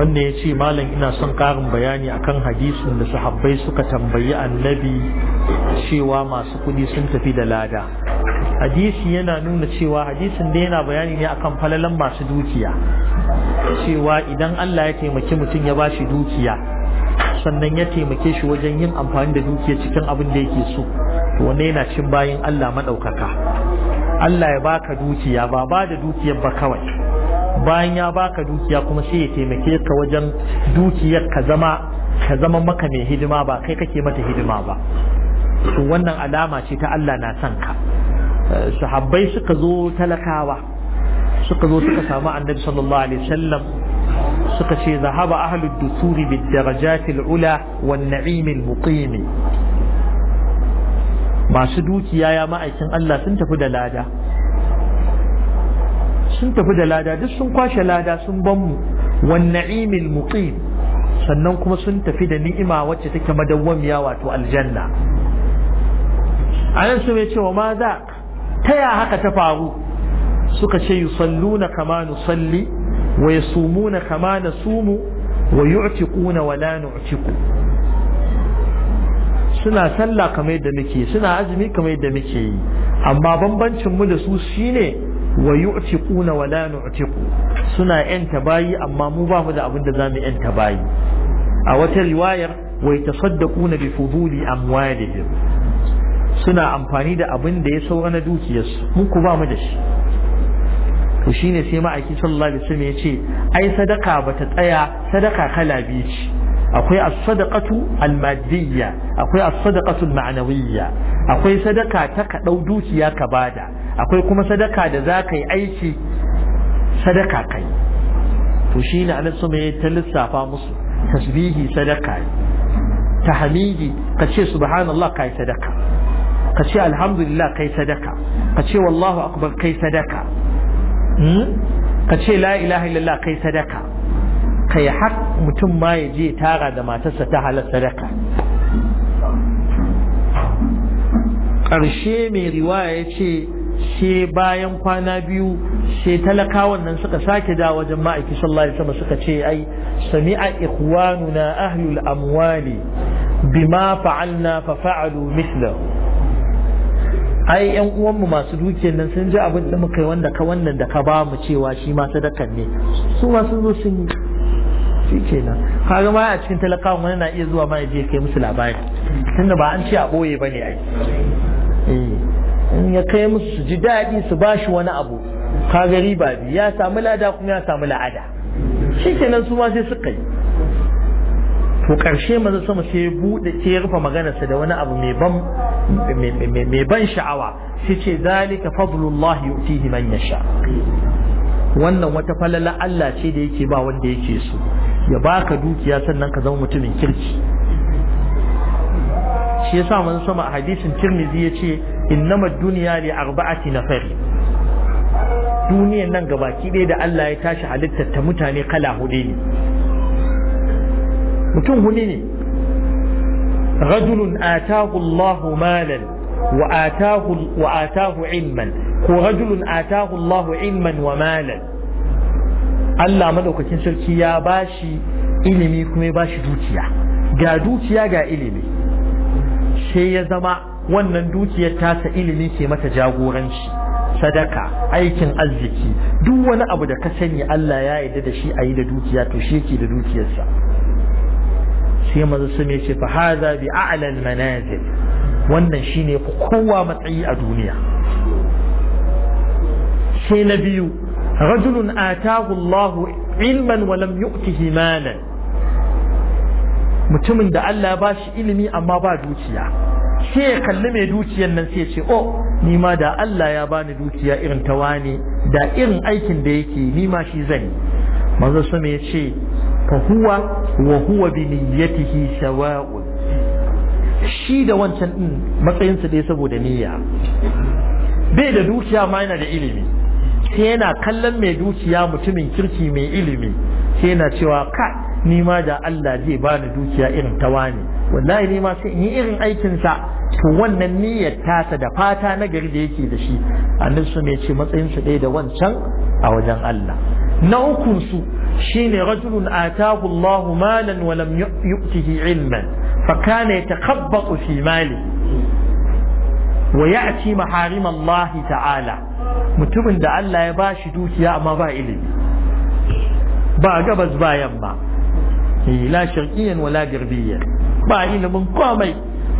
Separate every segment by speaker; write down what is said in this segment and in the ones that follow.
Speaker 1: wanda ya ce malam ina son karin bayani akan hadisin da sahabbai suka tambayi annabi cewa masu kuɗi sun tafi da lada hadisi yana nuna cewa hadisin da yana bayani ne akan falalan masu dukiya cewa idan Allah ya taimaki mutum ya bashi dukiya sannan ya taimake shi wajen yin amfani da dukiya cikin abin da yake so to yana cin bayan Allah maɗaukaka Allah ya baka dukiya ba ba da dukiyar ba kawai bayan ya baka dukiya kuma sai ya taimake ka wajen dukiyar ka zama ka zama maka mai hidima ba kai kake mata hidima ba to wannan alama ce ta Allah na son ka eh, sahabbai suka zo talakawa suka zo suka samu annabi sallallahu alaihi wasallam suka ce zahaba ahlud dusuri bid darajatil ula wan na'imil muqimi masu dukiya ya ma'aikin Allah sun tafi da lada sun tafi da lada duk sun kwashe lada sun ban mu wan na'imil muqim sannan kuma sun tafi da ni'ima wacce take madawwamiya wato aljanna anan su ce wa ma za ta ya haka ta faru suka ce yusalluna kama nusalli wa yasumuna kama nasumu wa yu'tiquna wa la nu'tiqu suna sallah kamar yadda muke suna azumi kamar yadda muke yi amma bambancin mu da su shine wa yu'tiquna wa la nu'tiqu suna yanta bayi amma mu ba mu da abin da zamu yanta bayi a wata riwayar wa yatasaddaquna bi fuduli amwalihim suna amfani da abin da ya saura na dukiyarsu mu ku ba mu da shi to shine sai ma'aiki sallallahu alaihi wasallam ya ce ai sadaka bata tsaya sadaka kala biyu ce akwai as-sadaqatu al-madiyya akwai as-sadaqatu al-ma'nawiyya akwai sadaka ta ka dau dukiya ka bada akwai kuma sadaka da zaka yi aiki sadaka kai to shine Allah sama ya ta lissafa musu tasbihi sadaka tahmidi ka ce subhanallah kai sadaka ka ce alhamdulillah kai sadaka ka ce wallahu akbar kai sadaka hmm? ka ce la ilaha illallah kai sadaka kai har mutum ma ya je tara da matarsa ta halar sadaka ƙarshe mai riwaya ya ce sai bayan kwana biyu sai talakawan nan suka sake da wajen ma'aiki sallallahu alaihi suka ce ai sami'a ikhwanuna ahlul amwali bima fa'alna fa fa'alu mithlahu ai yan uwanmu masu dukiyar nan sun ji abin da muka yi wanda ka wannan da ka ba mu cewa shi ma sadakan ne su ma sun zo sun yi shi kenan kaga ma a cikin talakawa wani na iya zuwa ma ya je kai musu labari tunda ba an ce a boye ba ne ai eh, in ya kai musu su ji daɗi su ba shi wani abu kaga riba bi ya samu lada kuma ya samu la'ada shi kenan su ma sai suka yi to ƙarshe maza sama sai buɗe sai rufe maganarsa da wani abu mai ban mai ban sha'awa sai ce zalika fadlullahi yu'tihi man yasha wannan wata falala Allah ce da yake ba wanda yake so ya baka dukiya sannan ka zama mutumin kirki shi yasa mun sama hadisin Tirmidhi yace innama dunya li arba'ati nafari duniyan nan gabaki ɗaya da Allah ya tashi halittar ta mutane kala hudu ne mutum hudu ne rajulun atahu Allahu malan wa atahu wa atahu ilman ko rajulun atahu Allahu ilman wa malan Allah madaukakin sarki ya bashi ilimi kuma ya bashi dukiya ga dukiya ga ilimi sai ya zama wannan dukiyar tasa ilimi ke mata jagoranci sadaka aikin arziki duk wani abu da ka sani Allah ya yarda da shi a yi da dukiya to shi yake da dukiyarsa sai maza su ne ce fahaza bi al manazil wannan shine kowa matsayi a duniya sai na biyu rajulun atahu Allah ilman wa lam yu'tihi malan mutumin da Allah ba shi ilimi amma ba dukiya sai ya kalli mai dukiyan nan sai ya ce oh ni ma da Allah ya bani dukiya irin ta wane da irin aikin da yake ni ma shi zan yi manzo su ya ce fa huwa wa huwa bi niyyatihi sawa'un shi da wancan din matsayinsa dai saboda niyya bai da dukiya ma yana da ilimi sai yana kallon mai dukiya mutumin kirki mai ilimi sai yana cewa ka ni ma da Allah zai bani dukiya irin ta wani wallahi ni ma sai in yi irin aikin sa to wannan niyyar tasa da fata na gari da yake da shi annabi su ne ce matsayin su ɗaya da wancan a wajen Allah na ukun su shine rajulun atahu Allah malan wa lam yu'tihi ilman fa kana yatakhabbatu fi mali wa ya'ti maharim Allah ta'ala mutumin da Allah ya bashi dukiya amma ba ilimi ba gabas ba yamma la sharqiyyan wala garbiyan ba ilimin komai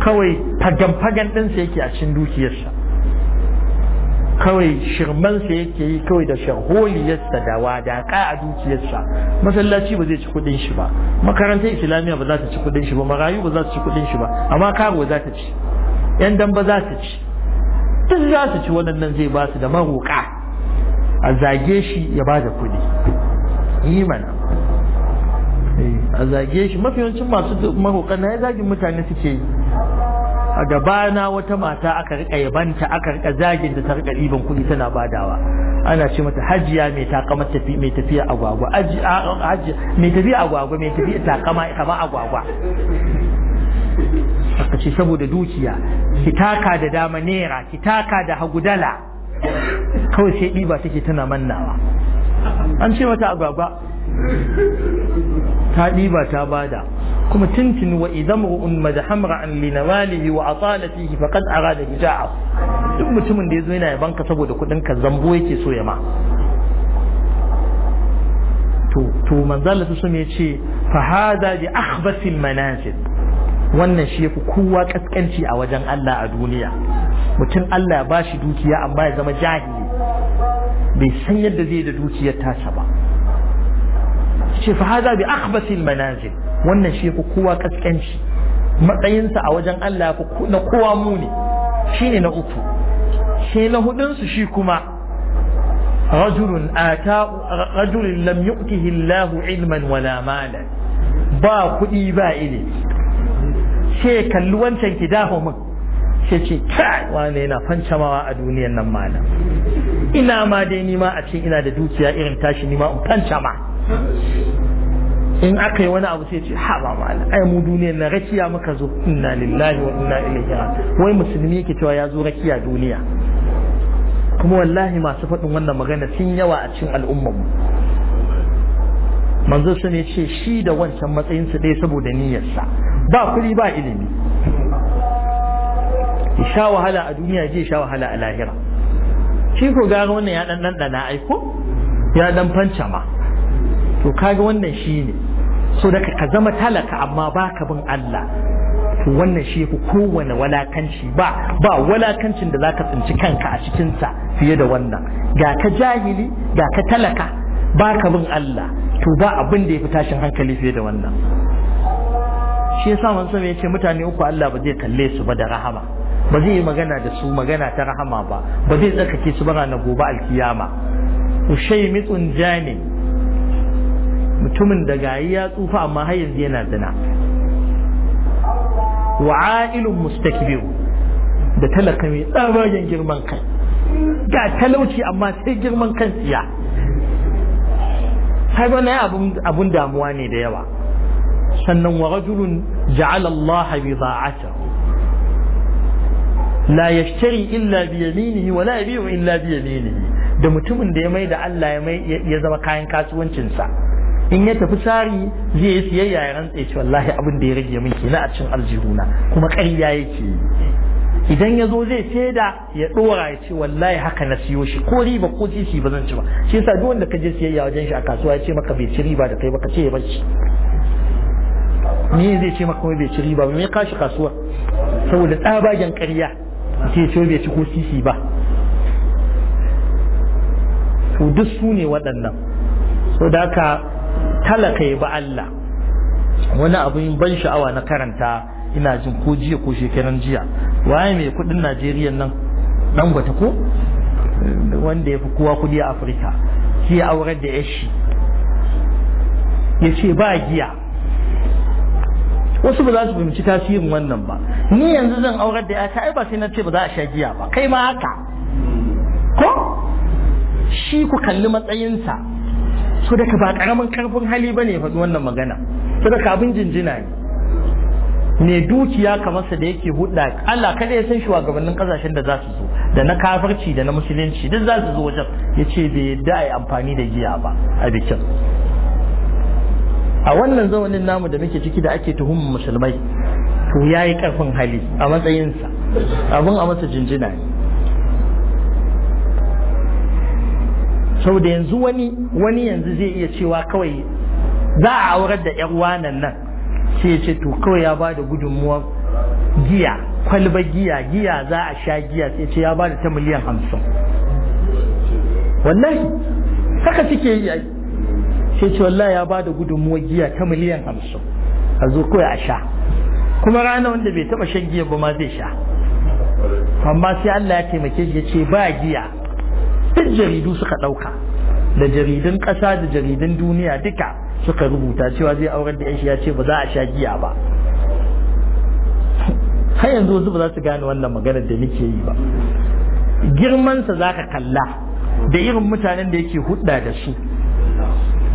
Speaker 1: kawai fagan fagan ɗinsa yake a cikin dukiyarsa kawai shirmansa yake yi kawai da shaholiyarsa da wadaka a dukiyarsa masallaci ba zai ci kudin shi ba makarantar islamiya ba za ta ci kudin shi ba marayu ba za ta ci kudin shi ba amma karo za ta ci yan dambe za ta ci duk za su ci waɗannan zai ba su da maroƙa a zage shi ya ba da kuɗi yi mana eh, a zage shi mafi yawancin masu maroƙa na ya zagin mutane su ce a gabana wata mata aka rika yabanta aka rika zagin da ta rika ɗiban kuɗi tana badawa ana ce mata hajiya mai takama tafi mai tafiya agwagwa hajiya mai tafiya agwagwa mai tafiya takama kama agwagwa aka ce saboda dukiya kitaka da dama naira kitaka da hagu kawai sai ɗiba take tana mannawa an ce mata agwagwa ta ɗiba ta bada kuma tintin wa idan ru'un madahamra an linawalihi wa atalatihi faqad arada hija'a duk mutumin da ya zo yana yaban saboda kuɗin ka zambo yake so ya ma to to manzala su sun fa hada bi akhbasil manasib wannan shi yafi kowa kaskanci a wajen Allah a duniya mutum Allah ya bashi dukiya amma ya zama jahili bai san yadda zai da dukiyar tasa ba ce fa hada bi akhbasil manazil wannan shi yafi kowa kaskanci matsayinsa a wajen Allah yafi na kowa muni shine na uku sai na hudun su shi kuma رجل آتاه رجل لم يؤته الله علما ولا مالا با كدي با إلي sai kalli wancan ki dafa min Ke ce kai wane yana fancamawa a duniyan nan mana ina ma dai nima a ce ina da dukiya irin tashi nima in fancama in aka yi wani abu sai ce ha ba mala ai mu duniyar na rakiya muka zo inna lillahi wa inna ilaihi wai musulmi yake cewa ya zo rakiya duniya kuma wallahi masu faɗin wannan magana sun yawa a cikin al'ummar mu manzo sun ce shi da wancan matsayin su dai saboda niyyarsa ba kuɗi ba ilimi ya sha wahala a duniya je sha wahala a lahira shi ko gara wannan ya dan ɗanɗana aiko ya dan fanca ma to kaga wannan shi ne so daga ka zama talaka amma ba ka bin Allah to wannan shi ku kowane walakanci ba ba walakancin da zaka tsinci kanka a cikin sa fiye da wannan ga ka jahili ga ka talaka baka bin Allah to ba abin da ya fi tashin hankali fiye da wannan shi ya yasa sami ya ce mutane uku Allah ba zai kalle su ba da rahama ba zai yi magana da su magana ta rahama ba ba zai tsarkake su ba na gobe alkiyama ushai mitsun jani mutumin da gayi ya tsufa amma har yanzu yana zina wa'ailun mustakbiru da talaka mai tsabagen girman kai ga talauci amma sai girman kan tsiya har abun damuwa ne da yawa sannan wa rajulun ja'ala Allah bida'atahu la yashtari illa bi yaminihi wa la yabi'u illa bi yaminihi da mutumin da ya mai da Allah ya mai ya zama kayan kasuwancinsa in ya tafi sari zai yi siyayya ya rantsa ce wallahi abin da ya rage min kenan a cikin aljihuna kuma ƙarya yake idan ya zo zai saida ya dora ya ce wallahi haka na siyo shi ko riba ko sisi ba zan ci ba shi yasa duk wanda ka je siyayya wajen shi a kasuwa ya ce maka bai ci riba da kai ba ka ce ya bar shi Ni zai ce maka bai ci riba ba mai kashi kasuwa saboda tsabagen karya ce ce bai ci ko sisi ba to duk su ne waɗannan so da ka talaka ya ba Allah wani abin ban sha'awa na karanta ina jin ko jiya ko shekaran jiya waye mai kudin Najeriya nan gwata ko wanda ya fi kowa kudi a Afirka shi ya aurar da yashi ya ce ba giya wasu ba za su fahimci tasirin wannan ba ni yanzu zan aurar da yata ai ba sai na ce ba za a sha giya ba kai ma haka ko shi ku kalli matsayinsa so daga ba karamin karfin hali ba ne faɗi wannan magana so daga abin jinjina ne ne dukiya kamar sa da yake hudda Allah kada ya san shi shugabannin kasashen da za su zo da na kafirci da na musulunci duk za su zo wajen ya ce bai yadda a yi amfani da giya ba a bikin a wannan zamanin namu da muke ciki da ake tuhumun musulmai to ya yi ƙarfin hali a matsayinsa abin a masa jinjina ne sau da yanzu wani wani yanzu zai iya cewa kawai za a aurar da 'yan wanan nan ya ce to kawai ya ba da giya kwalba giya giya za a sha giya sai ce ya ba da ta miliyan hamsin Wannan haka suke yi sai ce wallah ya bada gudunmuwa giya ta miliyan hamsin a zo kawai a sha kuma rana wanda bai taba shan giya ba ma zai sha amma sai Allah ya taimake shi ya ce ba giya duk jaridu suka ɗauka da jaridun kasa da jaridun duniya duka suka rubuta cewa zai aurar da shi ya ce ba za a sha giya ba har yanzu wasu ba za su gane wannan maganar da nake yi ba girmansa za ka kalla da irin mutanen da yake hudda da su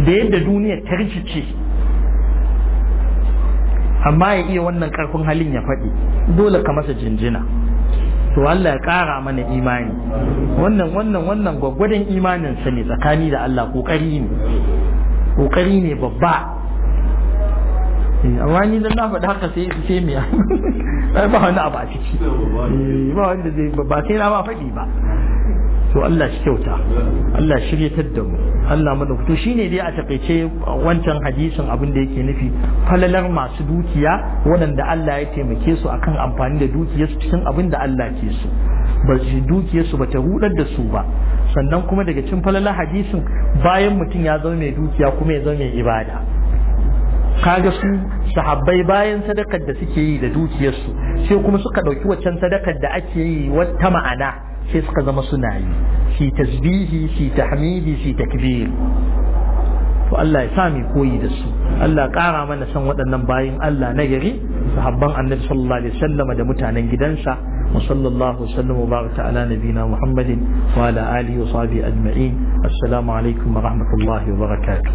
Speaker 1: da yadda duniyar ta rikice amma ya iya wannan karfin halin ya faɗi dole ka masa jinjina to Allah ya ƙara mana imani wannan wannan wannan gwaggwadon imaninsa ne tsakani da Allah ƙoƙari ne ƙoƙari ne babba eh, amma ni dan na faɗi haka sai sai ba wani abu a ciki eh, ba wanda zai ba sai na ba faɗi ba to Allah shi kyauta Allah shiryatar da mu Allah madauki to shine dai a takaice wancan hadisin abin da yake nufi falalar masu dukiya waɗanda Allah ya taimake su akan amfani da su cikin abin da Allah ke so ba dukiyar ba ta rudar da su ba sannan kuma daga cikin falalar hadisin bayan mutum ya zama mai dukiya kuma ya zama mai ibada kaga su sahabbai bayan sadakar da suke yi da dukiyarsu sai kuma suka ɗauki waccan sadakar da ake yi wata ma'ana sai suka zama suna yi shi tasbihi shi tahmidi shi takbir to Allah ya sami koyi da su Allah kara mana san waɗannan bayin Allah na gari sahabban annabi sallallahu alaihi wasallam da mutanen gidansa wa sallallahu wasallam wa baraka ala nabina Muhammadin wa ala alihi wa sahbihi ajma'in assalamu alaikum wa rahmatullahi wa barakatuh